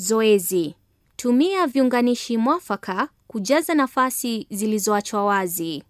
Zoezi: tumia viunganishi mwafaka kujaza nafasi zilizoachwa wazi.